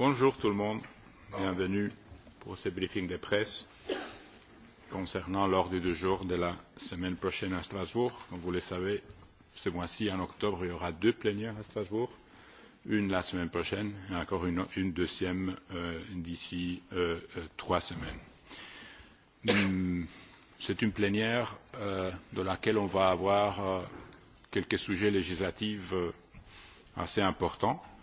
Bonjour tout le monde, bienvenue pour ce briefing de presse concernant l'ordre du jour de la semaine prochaine à Strasbourg. Comme vous le savez, ce mois-ci, en octobre, il y aura deux plénières à Strasbourg, une la semaine prochaine et encore une, une deuxième euh, d'ici euh, euh, trois semaines. Hmm, c'est une plénière euh, dans laquelle on va avoir euh, quelques sujets législatifs euh, assez importants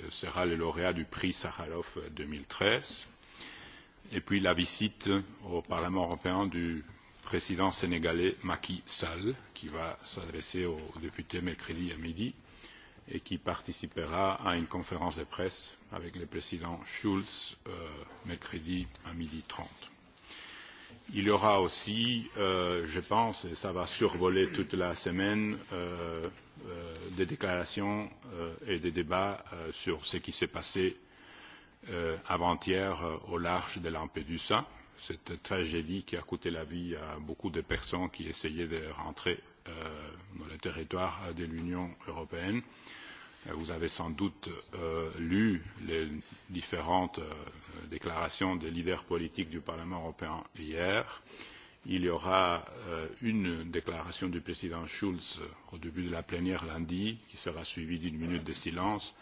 Euh, sera le lauréat du prix sakharov deux mille treize et puis la visite au parlement européen du président sénégalais macky sall qui va s'adresser aux députés mercredi à midi et qui participera à une conférence de presse avec le président schulz euh, mercredi à midi trente il y aura aussi euh, je pense et ça va survoler toute la semaine euh, euh, des déclarations euh, et des débats euh, sur ce qui s'est passé euh, avant hier euh, au large de Lampedusa, cette tragédie qui a coûté la vie à beaucoup de personnes qui essayaient de rentrer euh, dans le territoire de l'Union européenne. Euh, Euh, vous avez sans doute euh, lu les différentes euh, déclarations des leaders politiques du Parlement européen hier. Il y aura euh, une déclaration du président Schulz euh, au début de la plénière lundi qui sera suivie d'une minute de silence,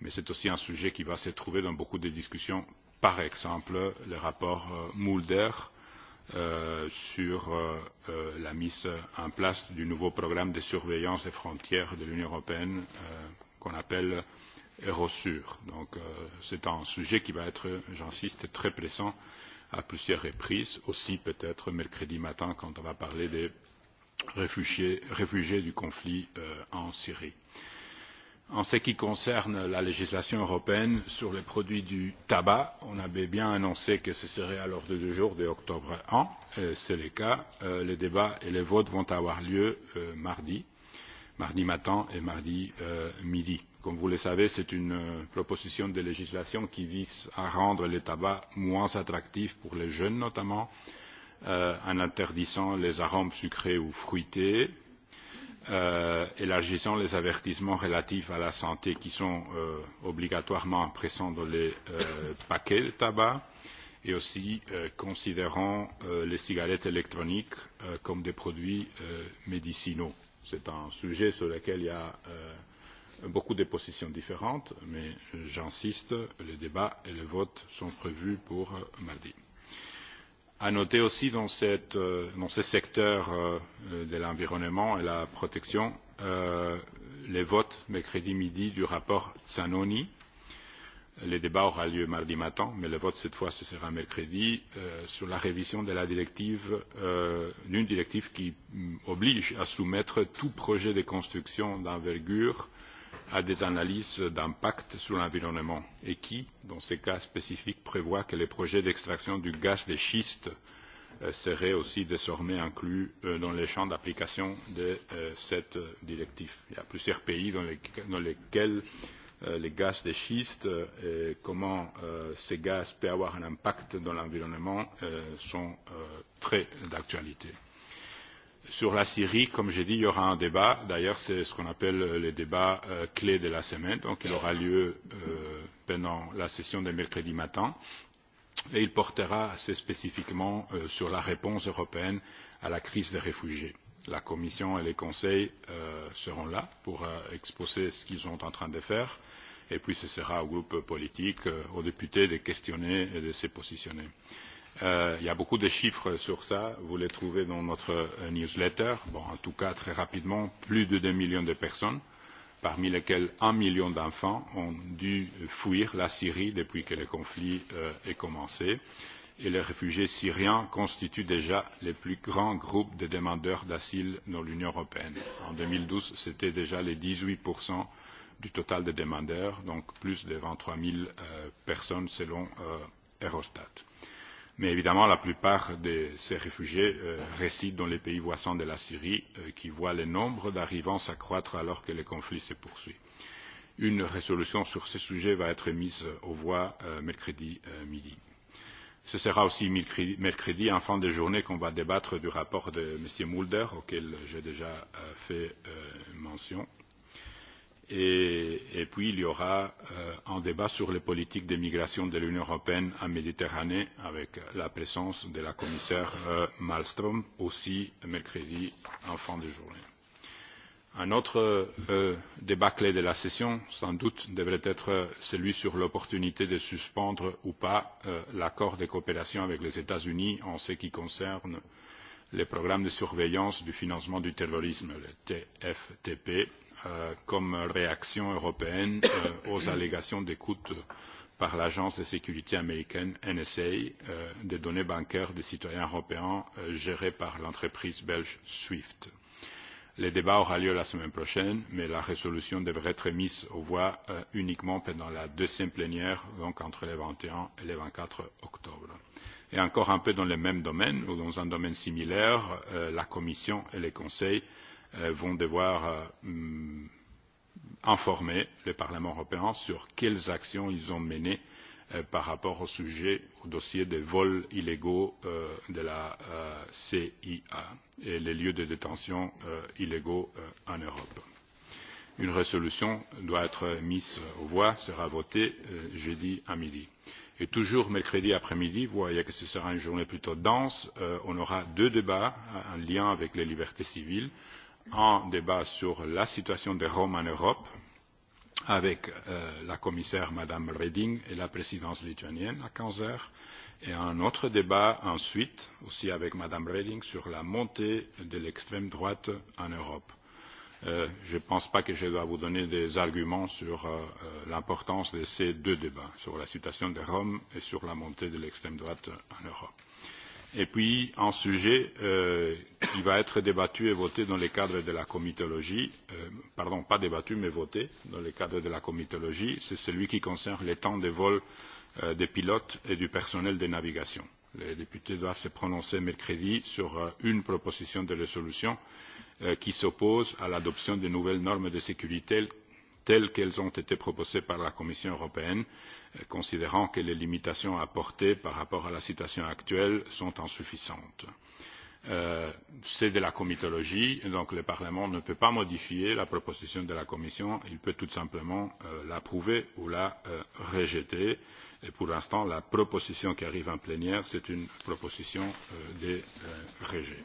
mais c'est aussi un sujet qui va se trouver dans beaucoup de discussions, par exemple le rapport euh, Mulder euh, sur euh, euh, la mise en place du nouveau programme de surveillance des frontières de l'Union européenne. Euh, qu'on appelle Erosur. Donc euh, c'est un sujet qui va être, j'insiste, très pressant à plusieurs reprises, aussi peut-être mercredi matin quand on va parler des réfugiés, réfugiés du conflit euh, en Syrie. En ce qui concerne la législation européenne sur les produits du tabac, on avait bien annoncé que ce serait à l'ordre du jour de octobre 1, c'est le cas. Euh, les débats et les votes vont avoir lieu euh, mardi. Euh, mardi matin et mardi euh, midi. Comme vous le savez, c'est une euh, proposition de législation qui vise à rendre le tabac moins attractif pour les jeunes notamment, euh, en interdisant les arômes sucrés ou fruités, euh, élargissant les avertissements relatifs à la santé qui sont euh, obligatoirement présents dans les euh, paquets de tabac, et aussi euh, considérant euh, les cigarettes électroniques euh, comme des produits euh, médicinaux. C'est un sujet sur lequel il y a euh, beaucoup de positions différentes, mais j'insiste, les débats et le vote sont prévus pour euh, mardi. À noter aussi dans, cette, euh, dans ce secteur euh, de l'environnement et la protection, euh, les votes mercredi midi du rapport Zanoni, euh, Le débat aura lieu mardi matin, mais le vote cette fois ce sera mercredi euh, sur la révision de la directive, euh, d'une directive qui mm, oblige à soumettre tout projet de construction d'envergure à des analyses d'impact sur l'environnement et qui, dans ces cas spécifiques, prévoit que les projets d'extraction du gaz de schiste euh, seraient aussi désormais inclus euh, dans les champs d'application de euh, cette euh, directive. Il y a plusieurs pays dans, les, dans lesquels euh, Euh, les gaz de schiste euh, et comment euh, ces gaz peuvent avoir un impact dans l'environnement sont très d'actualité. Sur la Syrie, comme j'ai dit, il y aura un débat. D'ailleurs, c'est ce qu'on appelle le débat clé de la semaine. Donc, il aura lieu pendant la session de mercredi matin. Et il portera assez spécifiquement sur la réponse européenne à la crise des réfugiés la commission et les conseils euh, seront là pour euh, exposer ce qu'ils sont en train de faire et puis ce sera au groupe politique, euh, aux députés de questionner et de se positionner. Euh, il euh, y a beaucoup de chiffres sur ça, vous les trouvez dans notre euh, newsletter. Bon, en tout cas, très rapidement, plus de 2 millions de personnes, parmi lesquelles 1 million d'enfants, ont dû fuir la Syrie depuis que le conflit euh, est commencé. Euh, et les réfugiés syriens constituent déjà les plus grands groupes de demandeurs d'asile dans l'Union européenne. En 2012, c'était déjà les 18 du total des demandeurs, donc plus de 23 000 euh, personnes selon euh, Eurostat. Mais évidemment, la plupart de ces réfugiés euh, résident dans les pays voisins de la Syrie, euh, qui voient le nombre d'arrivants s'accroître alors que le conflit se poursuit. Une résolution sur ce sujet va être mise aux voix euh, mercredi euh, midi. Ce sera aussi mercredi, en fin de journée, qu'on va débattre du rapport de M. Mulder, auquel j'ai déjà euh, fait euh, mention. Et, et puis, il y aura euh, un débat sur les politiques d'immigration de l'Union européenne en Méditerranée, avec la présence de la commissaire euh, Malmström, aussi mercredi, en fin de journée. Un autre euh, débat clé de la session, sans doute, devrait être euh, celui sur l'opportunité de suspendre ou pas euh, l'accord de coopération avec les États Unis en ce qui concerne les programmes de surveillance du financement du terrorisme, le TFTP, euh, comme réaction européenne euh, aux allégations d'écoute par l'agence de sécurité américaine NSA euh, des données bancaires des citoyens européens euh, gérées par l'entreprise belge SWIFT. Euh, le débat aura lieu la semaine prochaine mais la résolution devrait être mise aux voix euh, uniquement pendant la deuxième plénière donc entre le vingt et un et le vingt quatre octobre. et encore un peu dans le même domaine ou dans un domaine similaire euh, la commission et le conseil euh, vont devoir mm, informer le parlement européen sur quelles actions ils ont menées Euh, par rapport au sujet au dossier des vols illégaux euh, de la euh, CIA et les lieux de détention euh, illégaux euh, en Europe. Une résolution doit être mise aux voix, sera votée euh, jeudi à midi. Et toujours mercredi après-midi, vous voyez que ce sera une journée plutôt dense, euh, on aura deux débats en lien avec les libertés civiles. Un débat sur la situation des Roms en Europe, avec euh, la commissaire Madame Reding et la présidence lituanienne à 15 heures, et un autre débat ensuite, aussi avec Madame Reding, sur la montée de l'extrême droite en Europe. Euh, je ne pense pas que je dois vous donner des arguments sur euh, euh l'importance de ces deux débats, sur la situation de Rome et sur la montée de l'extrême droite en Europe et puis un sujet euh, qui va être débattu et voté dans le cadre de la comitologie euh, pardon, pas débattu mais voté dans le cadre de la comitologie, c'est celui qui concerne les temps de vol euh, des pilotes et du personnel de navigation. Les députés doivent se prononcer mercredi sur euh, une proposition de résolution euh, qui s'oppose à l'adoption de nouvelles normes de sécurité telles qu'elles ont été proposées par la Commission européenne, euh, considérant que les limitations apportées par rapport à la situation actuelle sont insuffisantes. Euh, c'est de la comitologie, donc le Parlement ne peut pas modifier la proposition de la Commission, il peut tout simplement euh, l'approuver ou la euh, rejeter. Et pour l'instant, la proposition qui arrive en plénière, c'est une proposition euh, des euh, régions.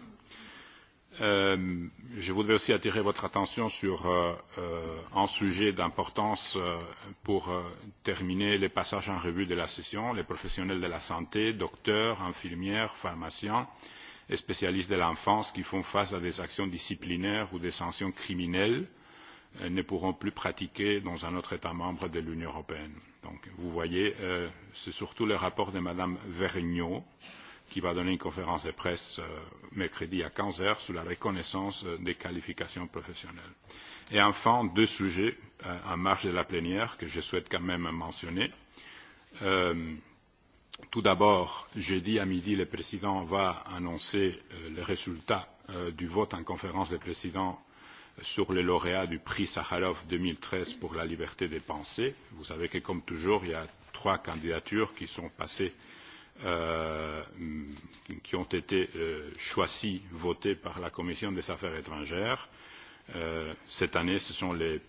Euh, je voudrais aussi attirer votre attention sur euh, euh, un sujet d'importance euh, pour euh, terminer les passages en revue de la session. Les professionnels de la santé, docteurs, infirmières, pharmaciens et spécialistes de l'enfance qui font face à des actions disciplinaires ou des sanctions criminelles euh, ne pourront plus pratiquer dans un autre État membre de l'Union européenne. Donc, vous voyez, euh, c'est surtout le rapport de Madame Vergniaud qui va donner une conférence de presse euh, mercredi à 15 heures sur la reconnaissance euh, des qualifications professionnelles. Et enfin, deux sujets euh, en marge de la plénière que je souhaite quand même mentionner. Euh, tout d'abord, jeudi à midi, le président va annoncer euh, les résultats euh, du vote en conférence des présidents euh, sur les lauréats du prix Sakharov 2013 pour la liberté des pensées. Vous savez que, comme toujours, il y a trois candidatures qui sont passées euh, Euh, qui ont été euh, choisis, votés par la Commission des affaires étrangères. Euh, cette année, ce sont, les,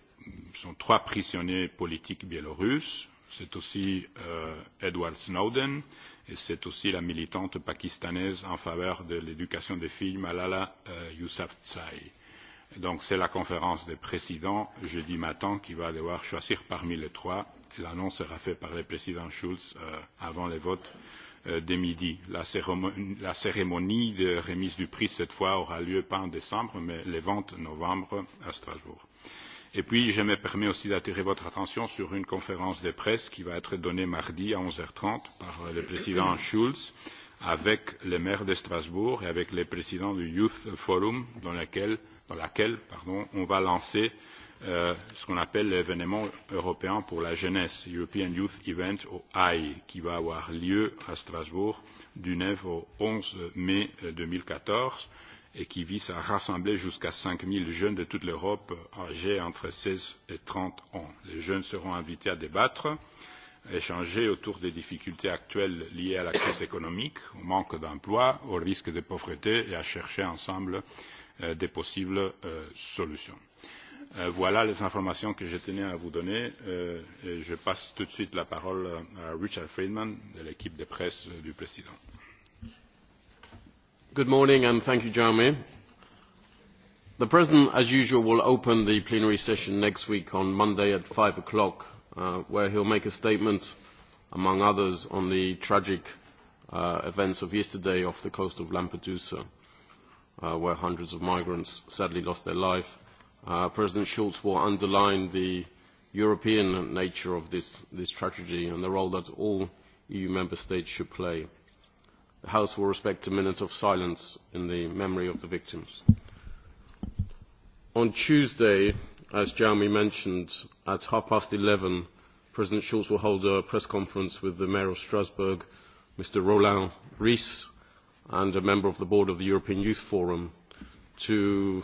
sont trois prisonniers politiques biélorusses. C'est aussi euh, Edward Snowden et c'est aussi la militante pakistanaise en faveur de l'éducation des filles Malala euh, Yousafzai. Donc c'est la conférence des présidents jeudi matin qui va devoir choisir parmi les trois. L'annonce sera faite par le président Schulz euh, avant les votes Euh, de midi. La cérémonie de remise du prix cette fois aura lieu pas en décembre mais le 20 novembre à Strasbourg. Et puis je me permets aussi d'attirer votre attention sur une conférence de presse qui va être donnée mardi à 11h30 par le président Schulz avec le maire de Strasbourg et avec les présidents du Youth Forum dans laquelle, dans laquelle pardon, on va lancer euh, euh, ce qu'on appelle l'événement européen pour la jeunesse, European Youth Event, au AI, qui va avoir lieu à Strasbourg du 9 au 11 mai 2014 euh, et qui vise à rassembler jusqu'à 5 000 jeunes de toute l'Europe âgés entre 16 et 30 ans. Les jeunes seront invités à débattre, échanger autour des difficultés actuelles liées à la crise économique, au manque d'emploi, au risque de pauvreté et à chercher ensemble euh, des possibles euh, solutions. Euh, voilà les informations que je tenais à vous donner euh, et je passe tout de suite la parole à richard friedman de l'équipe de presse du président. the president as usual will open the plenary session next week on monday at five o'clock uh, where he will make a statement among others on the tragic uh, events of yesterday off the coast of lampedusa uh, where hundreds of migrants sadly lost their life Uh, President Schulz will underline the European nature of this, this tragedy and the role that all EU member states should play. The House will respect a minute of silence in the memory of the victims. On Tuesday, as Jeremy mentioned, at half past 11, President Schulz will hold a press conference with the Mayor of Strasbourg, Mr. Roland Rees, and a member of the board of the European Youth Forum to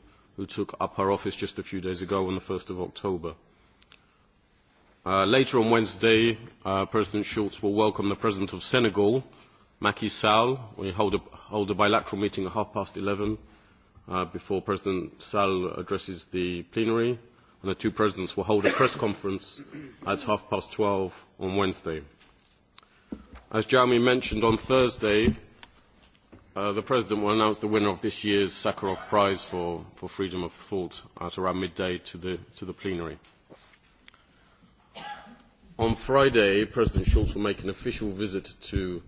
who took up her office just a few days ago on the 1st of October. Uh, later on Wednesday, uh, President Schultz will welcome the President of Senegal, Macky Sall. We hold a, hold a bilateral meeting at half past 11 uh, before President Sall addresses the plenary, and the two presidents will hold a press conference at half past 12 on Wednesday. As Jeremy mentioned on Thursday, Uh, the President will announce the winner of this year's Sakharov Prize for, for Freedom of Thought at around midday to the, to the plenary. On Friday, President Schultz will make an official visit to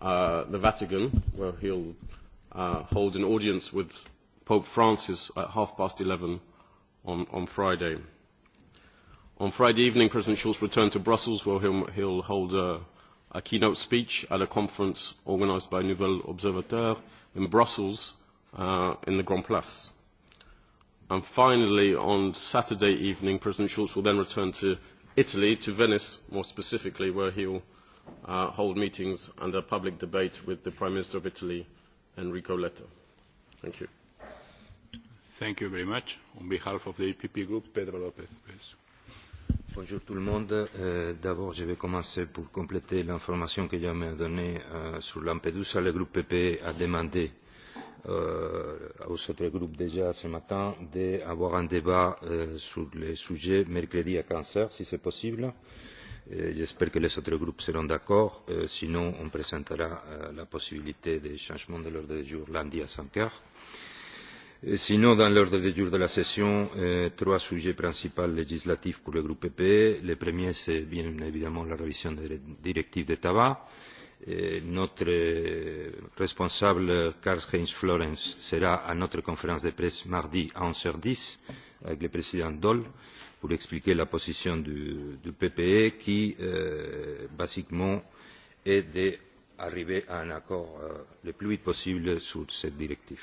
uh, the Vatican, where he'll uh, hold an audience with Pope Francis at half past 11 on, on Friday. On Friday evening, President Schultz returned to Brussels, where he'll, he'll hold a, a keynote speech at a conference organized by Nouvelle Observateur in Brussels uh, in the Grand Place. And finally, on Saturday evening, President Schulz will then return to Italy, to Venice more specifically, where he will uh, hold meetings and a public debate with the Prime Minister of Italy, Enrico Letta. Thank you. Thank you very much. On behalf of the EPP group, Pedro Lopez, please. Bonjour tout le monde. Euh, D'abord, je vais commencer pour compléter l'information que Yann m'a donnée euh, sur Lampedusa. Le groupe PP e a demandé euh, aux autres groupes déjà ce matin d'avoir un débat euh, sur le sujet mercredi à cancer, si c'est possible. J'espère que les autres groupes seront d'accord. Euh, sinon, on présentera euh, la possibilité des changements de l'ordre du jour lundi à 5 heures sinon dans l'ordre du jour de la session euh, trois sujets principaux législatifs pour le groupe ppe. le premier c'est bien évidemment la révision de la directive sur le tabac. notre euh, responsable karl heinz florenz sera à notre conférence de presse mardi à onze heures dix avec le président daul pour expliquer la position du, du ppe qui euh, basiquement est d'arriver à un accord euh, le plus vite possible sur cette directive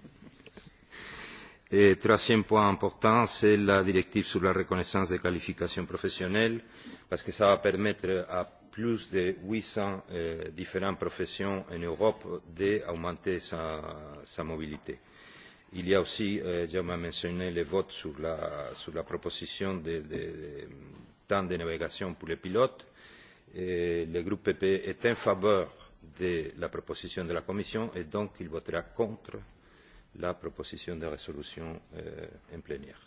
et troisième point important c'est la directive sur la reconnaissance des qualifications professionnelles parce que cela va permettre à plus de huit cents euh, différentes professions en europe d'augmenter leur mobilité. il y a aussi euh, j'aimerais mentionner le vote sur la proposition de temps de navigation pour les pilotes. le groupe ppe est en faveur de la proposition de la commission et donc il votera contre la proposition de résolution euh, en plénière.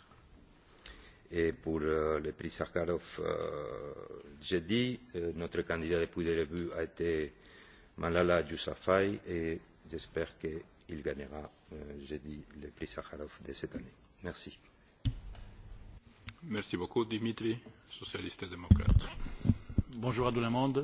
Et eh, pour euh, le prix Sakharov, euh, j'ai dit, euh, notre candidat depuis le début a été Malala Yousafzai et j'espère qu'il gagnera, euh, j'ai dit, le prix Sakharov de cette année. Merci. Merci beaucoup, Dimitri, socialiste et démocrate. Bonjour à tout le monde. Euh,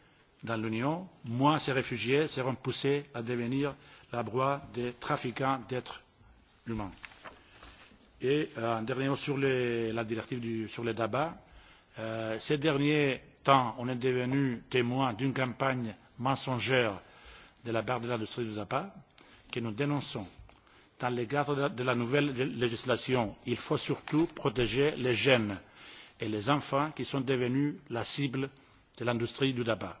dans l'union moins ces réfugiés seront poussés à devenir la proie des trafiquants d'êtres humains. un dernier mot sur la directive sur les tabacs. Euh, ces derniers temps on est devenu témoin d'une campagne mensongère de la part de l'industrie du tabac que nous dénonçons. dans le cadre de la nouvelle législation il faut surtout protéger les jeunes et les enfants qui sont devenus la cible de l'industrie du tabac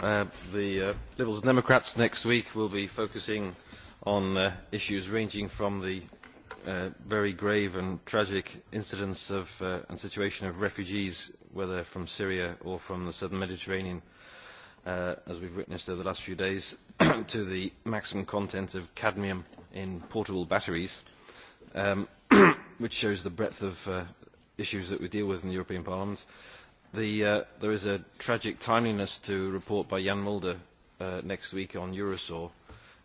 Uh, the uh, liberals and democrats next week will be focusing on uh, issues ranging from the very grave and tragic incidence and situation of refugees whether from syria or from the southern mediterranean as we have witnessed over the last few days to the maximum content of cadmium in portable batteries um, which shows the breadth of the problem and the extent to which it is affecting the lives of millions of people issues that we deal with in the European Parliament. The, uh, there is a tragic timeliness to a report by Jan Mulder uh, next week on Eurosaw,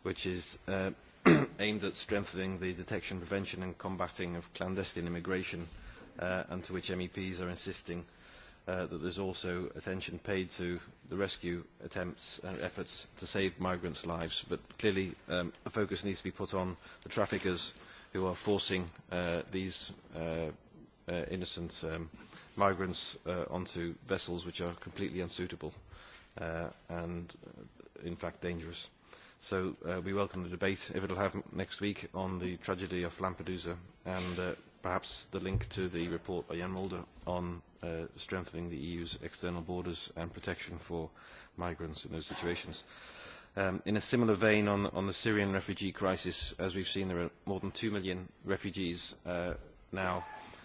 which is uh, aimed at strengthening the detection, prevention and combating of clandestine immigration, uh, and to which MEPs are insisting uh, that there's also attention paid to the rescue attempts and efforts to save migrants' lives. But clearly, um, a focus needs to be put on the traffickers who are forcing uh, these uh, uh, innocent um, migrants uh, onto vessels which are completely unsuitable uh, and uh, in fact dangerous. So uh, we welcome the debate, if it will happen next week, on the tragedy of Lampedusa and uh, perhaps the link to the report by Jan Mulder on uh, strengthening the EU's external borders and protection for migrants in those situations. Um, in a similar vein on, on the Syrian refugee crisis, as we've seen, there are more than 2 million refugees uh, now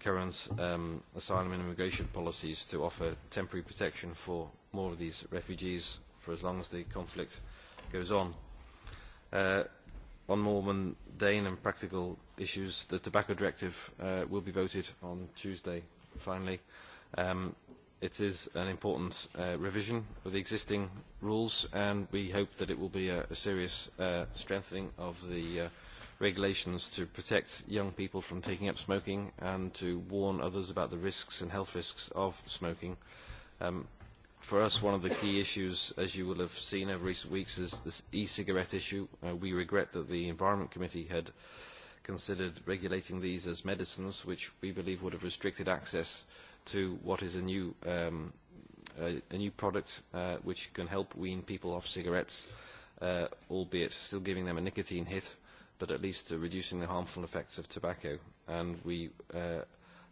current um, asylum and immigration policies to offer temporary protection for more of these refugees for as long as the conflict goes on. Uh, on more mundane and practical issues, the tobacco directive uh, will be voted on Tuesday, finally. Um, it is an important uh, revision of the existing rules, and we hope that it will be a, a serious uh, strengthening of the uh, regulations to protect young people from taking up smoking and to warn others about the risks and health risks of smoking. Um, for us, one of the key issues, as you will have seen over recent weeks, is this e-cigarette issue. Uh, we regret that the Environment Committee had considered regulating these as medicines, which we believe would have restricted access to what is a new, um, a, a new product uh, which can help wean people off cigarettes, uh, albeit still giving them a nicotine hit but at least to reducing the harmful effects of tobacco. And we uh,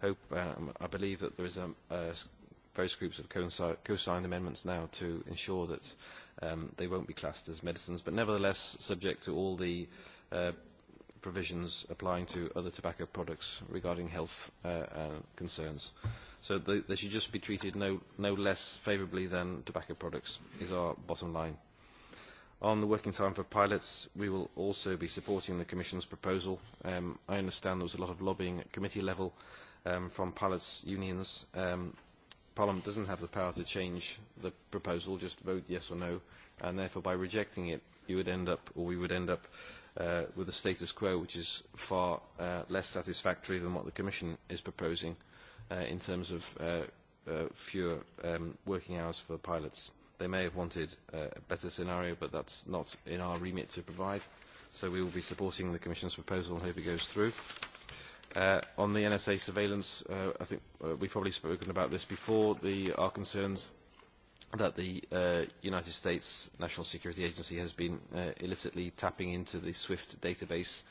hope, um, I believe that there is a, a various groups of co-signed amendments now to ensure that um, they won't be classed as medicines, but nevertheless subject to all the uh, provisions applying to other tobacco products regarding health uh, uh concerns. So they, they should just be treated no, no less favourably than tobacco products is our bottom line on the working time for pilots we will also be supporting the commission's proposal. Um, I understand there was a lot of lobbying at committee level um, from pilots' unions. Um, Parliament doesn't have the power to change the proposal, just vote yes or no, and therefore by rejecting it you would end up, or we would end up uh, with a status quo which is far uh, less satisfactory than what the Commission is proposing uh, in terms of uh, uh, fewer um, working hours for pilots they may have wanted uh, a better scenario but that is not in our remit to provide so we will be supporting the Commission's proposal and hope it goes through. Uh, on the NSA surveillance, uh, I think uh, we've probably spoken about this before. The, our concerns that the uh, United States National Security Agency has been uh, illicitly tapping into the SWIFT database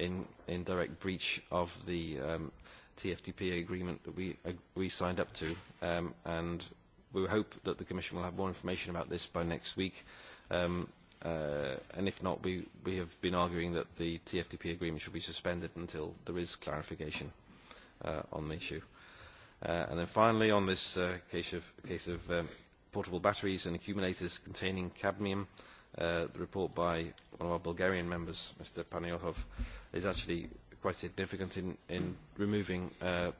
in, in direct breach of the um, TFTP agreement that we, uh, we signed up to. Um, and we hope that the Commission will have more information about this by next week. Um, uh, and if not, we, we have been arguing that the TFTP agreement should be suspended until there is clarification uh, on the issue. Uh, and then finally, on this uh, case of, case of um, portable batteries and accumulators containing cadmium, uh, the report by one of our Bulgarian members, Mr. Paniohov, is actually quite significant in, in removing uh,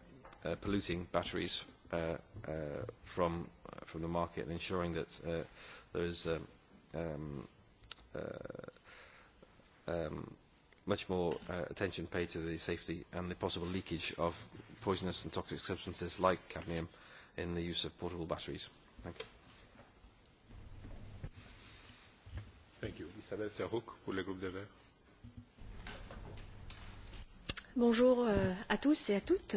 uh, polluting batteries uh, uh, from from the market and ensuring that uh, there is um, um, uh, um, much more uh, attention paid to the safety and the possible leakage of poisonous and toxic substances like cadmium in the use of portable batteries. Thank you. Thank you. Isabelle Serrouk pour le groupe de Verts. Bonjour euh, à tous et à toutes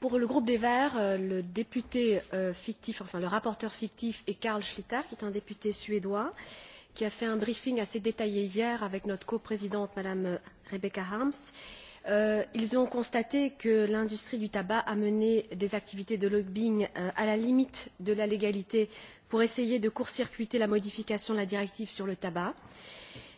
pour le groupe des verts euh, le député euh, fictif enfin le rapporteur fictif est carl schlyter qui est un député suédois qui a fait un briefing assez détaillé hier avec notre coprésidente mme rebecca harms. Euh, ils ont constaté que l'industrie du tabac a mené des activités de lobbying à la limite de la légalité pour essayer de court circuiter la modification de la directive sur le tabac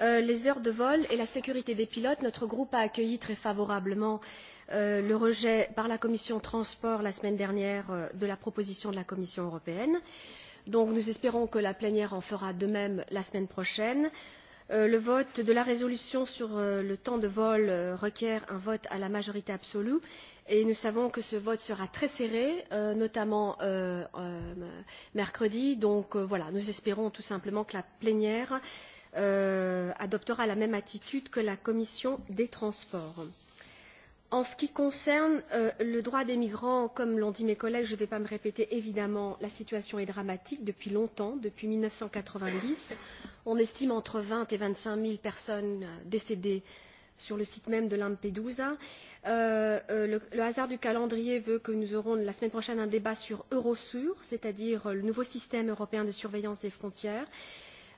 euh, les heures de vol et la sécurité des pilotes. Notre groupe a accueilli très favorablement euh, le rejet par la commission transport la semaine dernière euh, de la proposition de la Commission européenne. Donc nous espérons que la plénière en fera de même la semaine prochaine. Euh, le vote de la résolution sur euh, le temps de vol euh, requiert un vote à la majorité absolue et nous savons que ce vote sera très serré, euh, notamment euh, euh, mercredi. Donc euh, voilà, nous espérons tout simplement que la plénière euh, Euh, adoptera la même attitude que la commission des transports. en ce qui concerne euh, le droit des migrants comme l'ont dit mes collègues je ne vais pas me répéter évidemment la situation est dramatique depuis longtemps depuis mille neuf cent quatre vingt dix on estime entre vingt et vingt cinq zéro personnes euh, décédées sur le site même de lampedusa. le hasard du calendrier veut que nous aurons la semaine prochaine un débat sur eurosur c'est à dire le nouveau système européen de surveillance des frontières.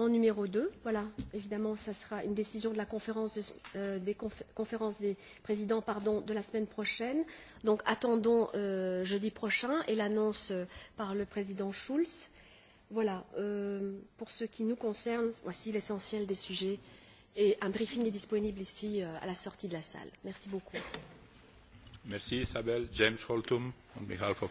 en numéro deux voilà évidemment ce sera une décision de la conférence des euh, présidents de la semaine prochaine donc attendons euh, jeudi prochain et l'annonce euh, par le président schulz. voilà pour ce qui nous concerne voici l'essentiel des sujets et un briefing est disponible ici à la sortie de la salle. merci beaucoup. merci isabelle. james holtum on behalf of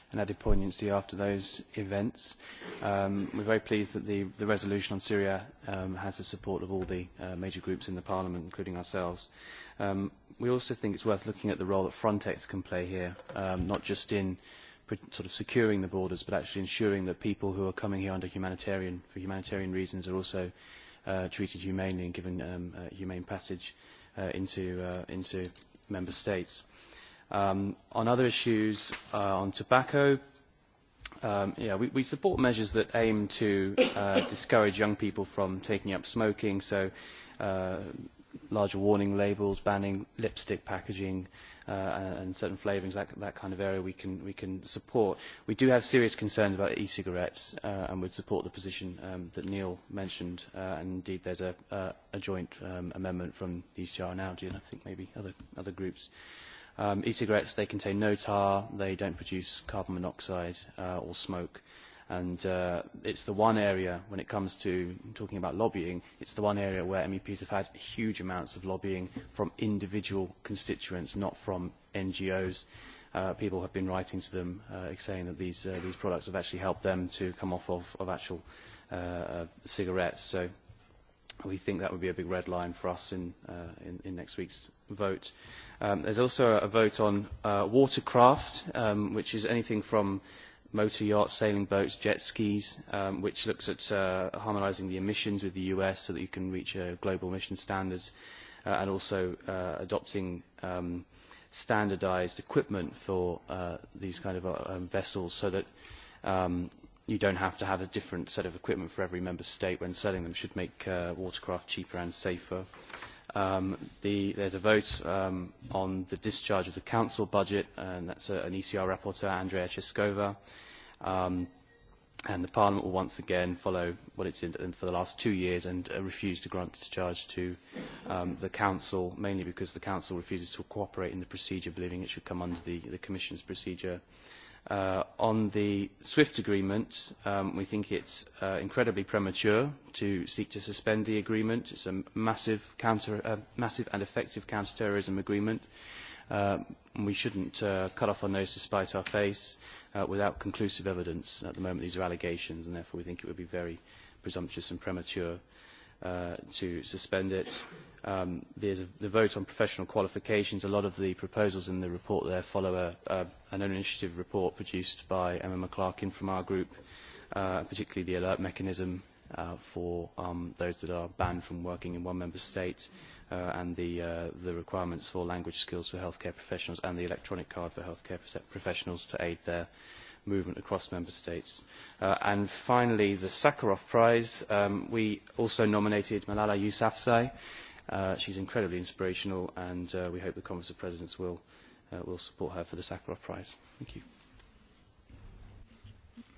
and added poignancy after those events. Um, we're very pleased that the, the resolution on Syria um, has the support of all the uh, major groups in the Parliament, including ourselves. Um, we also think it's worth looking at the role that Frontex can play here, um, not just in sort of securing the borders, but actually ensuring that people who are coming here under humanitarian, for humanitarian reasons are also uh, treated humanely and given um, uh, humane passage uh, into, uh, into member states. Um, on other issues, uh, on tobacco, um, yeah, we, we support measures that aim to uh, discourage young people from taking up smoking, so uh, larger warning labels, banning lipstick packaging uh, and certain flavourings, that, that kind of area we can, we can support. We do have serious concerns about e-cigarettes uh, and would support the position um, that Neil mentioned. Uh, and indeed, there's a, a, a joint um, amendment from the ECR now, and I think maybe other, other groups. Uh, um, e-cigarettes they contain no tar they don't produce carbon monoxide uh, or smoke and uh, it's the one area when it comes to talking about lobbying it's the one area where MEPs have had huge amounts of lobbying from individual constituents not from NGOs uh, people have been writing to them uh, saying that these uh, these products have actually helped them to come off of, of actual uh, uh cigarettes so We think that would be a big red line for us in, uh, in, in next week's vote. Um, there's also a vote on uh, watercraft, um, which is anything from motor yachts, sailing boats, jet skis, um, which looks at uh, harmonising the emissions with the US so that you can reach a global emission standards, uh, and also uh, adopting um, standardised equipment for uh, these kind of uh, um, vessels so that um, you don't have to have a different set of equipment for every member state when selling them should make uh, watercraft cheaper and safer. Um, the, there's a vote um, on the discharge of the council budget, and that's uh, an ECR rapporteur, Andrea Cheskova. Um, and the Parliament will once again follow what it did for the last two years and uh, refuse to grant discharge to um, the Council, mainly because the Council refuses to cooperate in the procedure, believing it should come under the, the Commission's procedure. Uh, Uh, on the SWIFT agreement, um, we think it's uh, incredibly premature to seek to suspend the agreement. It's a massive, counter, uh, massive and effective counterterrorism agreement. Uh, we shouldn't uh, cut off our nose to spite our face uh, without conclusive evidence. At the moment, these are allegations, and therefore we think it would be very presumptuous and premature. Uh, Uh, to suspend it. Um, there's a, the vote on professional qualifications. A lot of the proposals in the report there follow a, a, an initiative report produced by Emma McClarkin from our group, uh, particularly the alert mechanism uh, for um, those that are banned from working in one member state uh, and the, uh, the requirements for language skills for healthcare professionals and the electronic card for healthcare professionals to aid their movement across member states. Uh, finally the sakharov prize um, we also nominated malala yousafzai. Uh, she is incredibly inspirational and uh, we hope the conference of presidents will support her for the sakharov prize. thank you.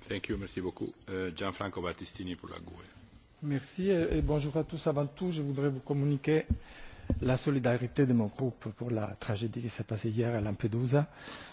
Thank you, merci beaucoup. Uh, Gianfranco Battistini pour la GUE. Merci et, et bonjour à tous. Avant tout, je voudrais vous communiquer la solidarité de mon groupe pour la tragédie qui s'est passée hier à Lampedusa. Euh,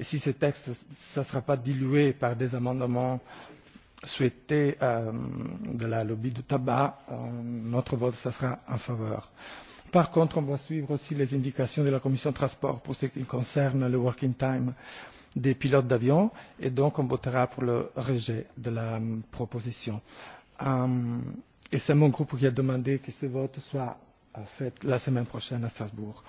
si ce texte ne sera pas dilué par des amendements souhaités par euh, la lobby du tabac euh, notre vote sera en faveur. par contre nous allons suivre aussi les indications de la commission des transports pour ce qui concerne le working time des pilotes d'avion et donc nous voterons pour le rejet de la euh, proposition. c'est mon groupe qui a demandé que ce vote soit en fait, la semaine prochaine à Strasbourg.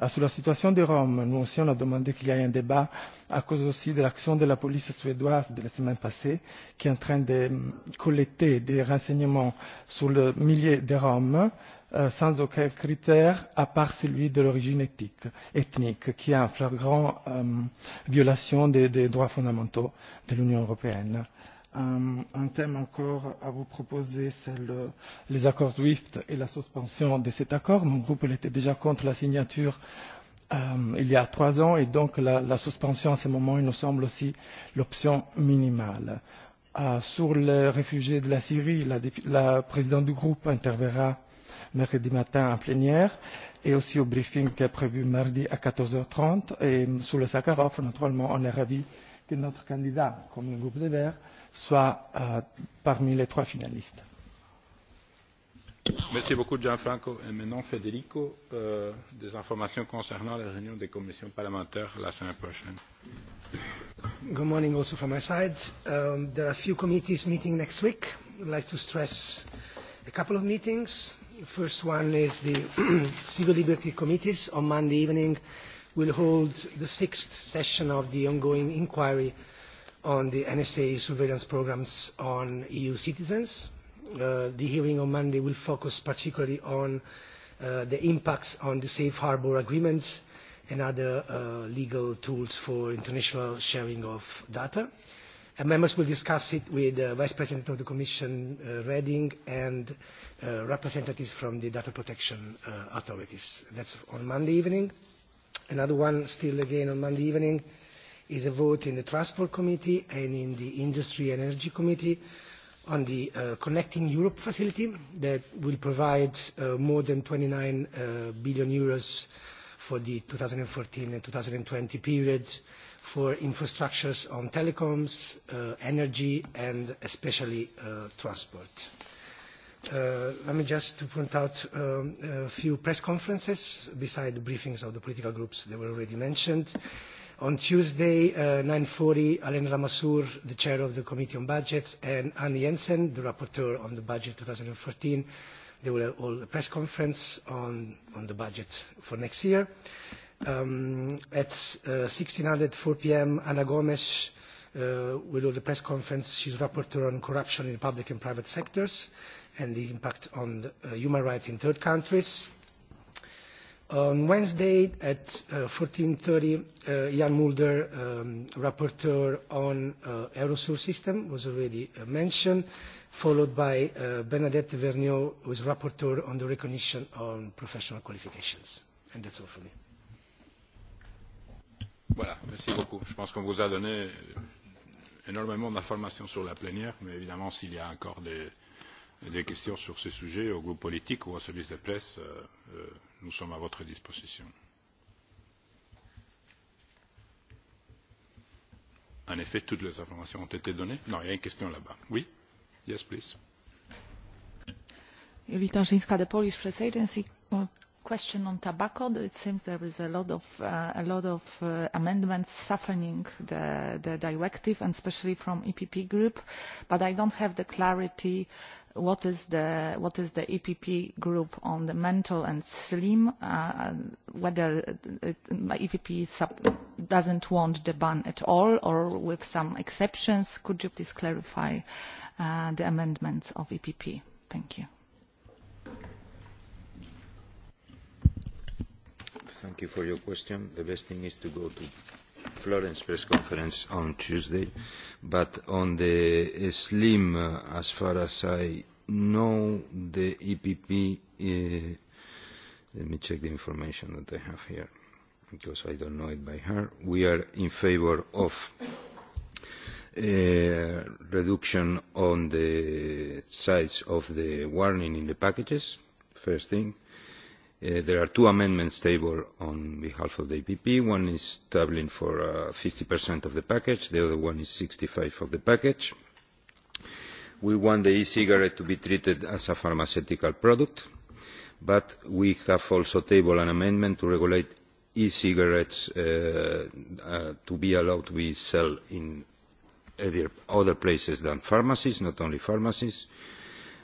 Euh, sur la situation des Roms, nous aussi, on a demandé qu'il y ait un débat à cause aussi de l'action de la police suédoise de la semaine passée, qui est en train de euh, collecter des renseignements sur le millier des Roms euh, sans aucun critère, à part celui de l'origine ethnique, ethnique, qui est en flagrant euh, violation des, des droits fondamentaux de l'Union européenne. Euh, un, un thème encore à vous proposer, c'est le, les accords SWIFT et la suspension de cet accord. Mon groupe il était déjà contre la signature euh, il y a trois ans et donc la, la suspension à ce moment il nous semble aussi l'option minimale. Euh, sur les réfugiés de la Syrie, la, la présidente du groupe interverra mercredi matin en plénière et aussi au briefing qui est prévu mardi à 14h30. Et sur le Sakharov, naturellement, on est ravis euh, que notre candidat, comme le groupe des Verts, soit euh, parmi les trois finalistes. Merci beaucoup, Gianfranco. Et maintenant, Federico, euh, des informations concernant la réunion des commissions parlementaires la semaine prochaine. Good morning, also from my side. Um, there are a few committees meeting next week. I'd like to stress a couple of meetings. The first one is the Civil Liberty Committees on Monday evening will hold the sixth session of the ongoing inquiry on the NSA surveillance programs on EU citizens. Uh, the hearing on Monday will focus particularly on uh, the impacts on the safe harbor agreements and other uh, legal tools for international sharing of data. And members will discuss it with the uh, Vice President of the Commission, uh, Reading, and uh, representatives from the data protection uh, authorities. That's on Monday evening. Another one, still again on Monday evening, is a vote in the Transport Committee and in the Industry and Energy Committee on the uh, Connecting Europe facility that will provide uh, more than 29 uh, billion euros for the 2014 and 2020 period for infrastructures on telecoms, uh, energy, and especially uh, transport. Uh, let me just to point out um, a few press conferences beside the briefings of the political groups that were already mentioned. On Tuesday, uh, 9.40, Alain Ramassour, the chair of the Committee on Budgets, and Anne Jensen, the rapporteur on the budget 2014, there will all a press conference on, on the budget for next year. Um, at 16.04 uh, p.m., Anna Gomes uh, will do the press conference. She's rapporteur on corruption in the public and private sectors and the impact on the, uh, human rights in third countries. On Wednesday at 14.30, uh, uh, Jan Mulder, um, rapporteur on uh, Aerosur system, was already uh, mentioned, followed by uh, Bernadette Verniot, who is rapporteur on the recognition on professional qualifications. And that's all for me. Voilà, merci beaucoup. Je pense qu'on vous a donné euh, énormément d'informations sur la plénière, mais évidemment, s'il y a encore des des questions sur ces sujets au groupe politique ou au service des presse euh, euh, nous sommes à votre disposition. En effet, toutes les informations ont été données. Non, il y a une question là-bas. Oui Yes, please. Witam Szyńska, The Polish Press Agency question on tobacco it seems there is a lot of uh, a lot of uh, amendments softening the the directive and especially from epp group but i don't have the clarity what is the what is the epp group on the mental and slim uh, whether it, my e epp sub doesn't want the ban at all or with some exceptions could you please clarify uh, the amendments of epp thank you Thank you for your question. The best thing is to go to Florence press conference on Tuesday. But on the slim, uh, as far as I know, the EPP. Uh, let me check the information that I have here, because I don't know it by heart. We are in favor of. Uh, reduction on the size of the warning in the packages, first thing. Uh, there are two amendments tabled on behalf of the epp one is tabling for uh, fifty of the package the other one is sixty five of the package. we want the e cigarette to be treated as a pharmaceutical product but we have also tabled an amendment to regulate e cigarettes uh, uh, to be allowed to be sold in other places than pharmacies, not only pharmacies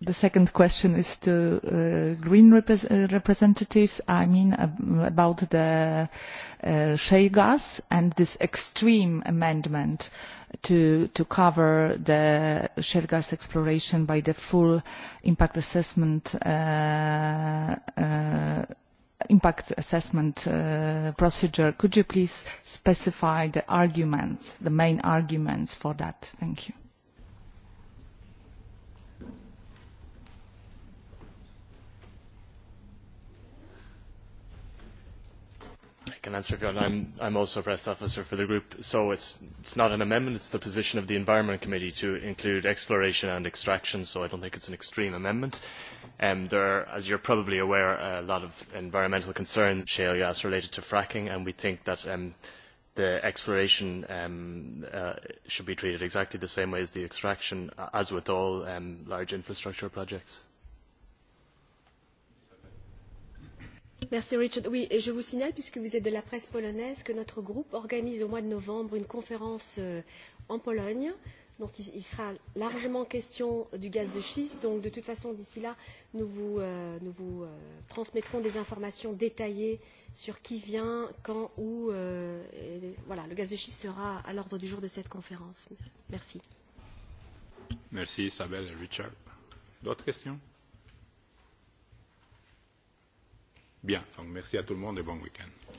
The second question is to uh, green rep uh, representatives, I mean uh, about the uh, shale gas and this extreme amendment to, to cover the shale gas exploration by the full impact assessment, uh, uh, impact assessment uh, procedure. Could you please specify the arguments, the main arguments for that? Thank you. can answer if you want. I am also a press officer for the group, so it is not an amendment, it is the position of the Environment Committee to include exploration and extraction, so I do not think it is an extreme amendment. Um, there are, as you are probably aware, a lot of environmental concerns shale gas related to fracking, and we think that um, the exploration um, uh, should be treated exactly the same way as the extraction, as with all um, large infrastructure projects. monsieur richard je vous signale puisque vous êtes de la presse polonaise que notre groupe organise au mois de novembre une conférence euh, en pologne dont il sera largement question du gaz de schiste donc de toute façon d'ici là nous vous euh, euh, transmettrons des informations détaillées sur qui vient quand où voilà le gaz de schiste sera à l'ordre du jour de cette conférence. merci. merci isabelle richard. d'autres questions? bien. merci à tout le monde et bon week end.